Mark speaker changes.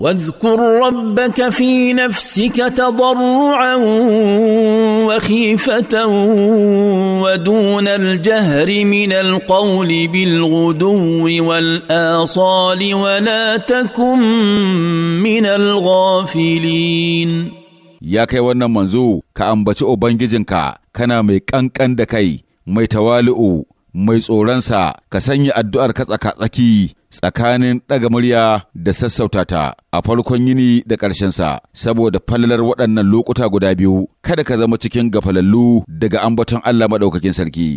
Speaker 1: واذكر ربك في نفسك تضرعا وخيفه ودون الجهر من القول بالغدو والاصال ولا تكن من الغافلين
Speaker 2: يا kai منزو كأنبتو بانججنكا كنا ubangijinka اندكي mai mai tsoronsa ka sanya addu'ar ka tsaka-tsaki tsakanin ɗaga murya da sassauta ta a farkon yini da ƙarshen sa, saboda falalar waɗannan lokuta guda biyu kada ka zama cikin gafalallu daga ambaton Allah maɗaukakin sarki.